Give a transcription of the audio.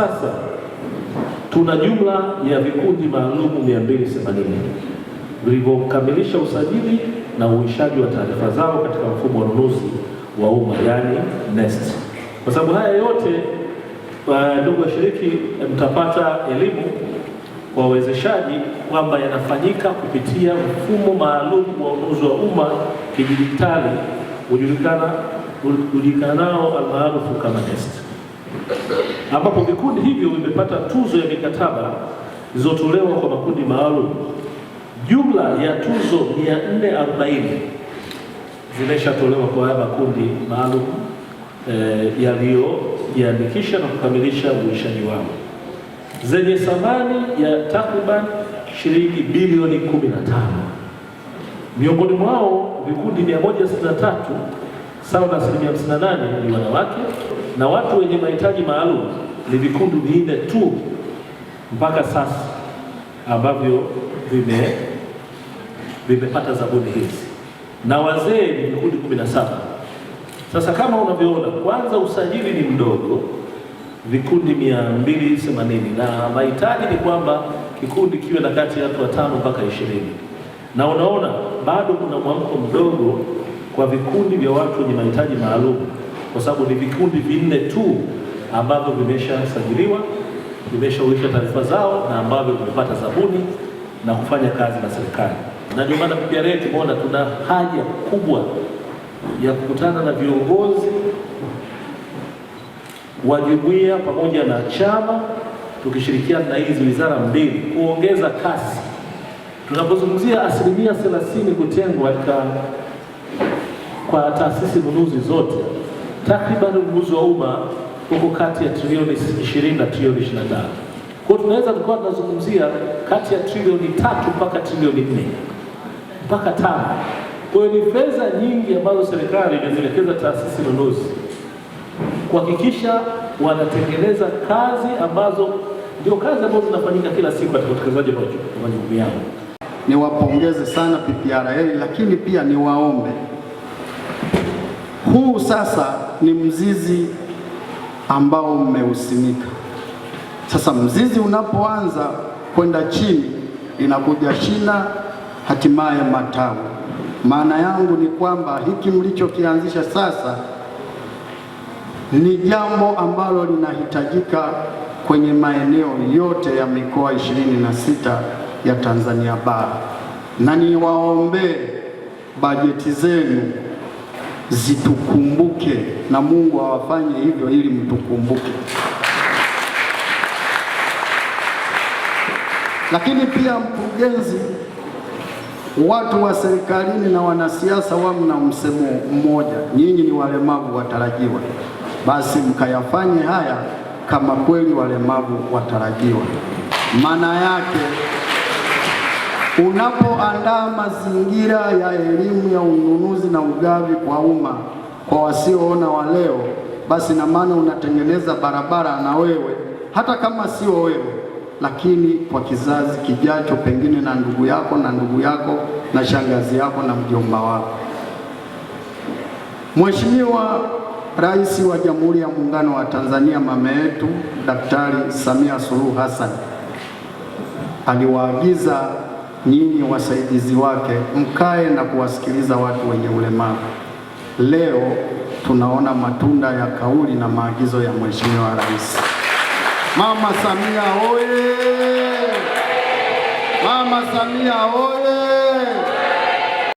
sasa tuna jumla ya vikundi maalumu 280 vilivyokamilisha usajili na uishaji wa taarifa zao katika mfumo wa ununuzi wa umma yani NeST. Kwa sababu haya yote uh, ndugu washiriki, mtapata elimu kwa wawezeshaji kwamba yanafanyika kupitia mfumo maalum wa ununuzi wa umma kidijitali nao almaarufu kama NeST ambapo vikundi hivyo vimepata tuzo ya mikataba zilizotolewa kwa makundi maalum. Jumla ya tuzo 440 zimeshatolewa kwa haya makundi maalum eh, yaliyojiandikisha na kukamilisha uishaji wao zenye thamani ya takriban shilingi bilioni 15. Miongoni mwao vikundi 163 sawa na asilimia 58 ni wanawake, na watu wenye mahitaji maalum ni vikundi vinne tu mpaka sasa ambavyo vime vimepata zabuni hizi, na wazee ni vikundi 17. Sasa kama unavyoona, kwanza usajili ni mdogo, vikundi 280, na mahitaji ni kwamba kikundi kiwe na kati ya watu watano mpaka ishirini, na unaona bado kuna mwamko mdogo kwa vikundi vya watu wenye mahitaji maalum, kwa sababu ni vikundi vinne tu ambavyo vimeshasajiliwa, vimeshaulisha taarifa zao na ambavyo vimepata zabuni na kufanya kazi na serikali. Na ndio maana PPRA tumeona tuna haja kubwa ya kukutana na viongozi wa jumuiya pamoja na chama, tukishirikiana na hizi wizara mbili kuongeza kasi. Tunapozungumzia asilimia thelathini kutengwa katika kwa taasisi nunuzi zote, takriban ununuzi wa umma uko kati ya trilioni 20 na trilioni 25. Kwa hiyo tunaweza tukawa tunazungumzia kati ya trilioni tatu mpaka trilioni nne mpaka tano. Kwa hiyo ni fedha nyingi ambazo serikali imezielekeza taasisi nunuzi kuhakikisha wanatengeneza kazi ambazo ndio kazi ambazo zinafanyika kila siku katika utekelezaji wa majukumu yao. Niwapongeze sana PPRA, lakini pia niwaombe huu sasa ni mzizi ambao mmeusimika. Sasa mzizi unapoanza kwenda chini, inakuja shina, hatimaye matawi. Maana yangu ni kwamba hiki mlichokianzisha sasa ni jambo ambalo linahitajika kwenye maeneo yote ya mikoa ishirini na sita ya Tanzania bara, na niwaombee bajeti zenu zitukumbuke, na Mungu awafanye hivyo ili mtukumbuke. Lakini pia mkurugenzi, watu wa serikalini na wanasiasa wamna msemo mmoja, nyinyi ni walemavu watarajiwa. Basi mkayafanye haya kama kweli walemavu watarajiwa, maana yake Unapoandaa mazingira ya elimu ya ununuzi na ugavi kwa umma kwa wasioona wa leo, basi na maana unatengeneza barabara na wewe, hata kama sio wewe, lakini kwa kizazi kijacho, pengine na ndugu yako na ndugu yako na shangazi yako na mjomba wako. Mheshimiwa Rais wa Jamhuri ya Muungano wa Tanzania, mama yetu Daktari Samia Suluhu Hassan aliwaagiza nyinyi wasaidizi wake, mkae na kuwasikiliza watu wenye ulemavu. Leo tunaona matunda ya kauli na maagizo ya Mheshimiwa Rais Mama Samia oye! Mama Samia oye!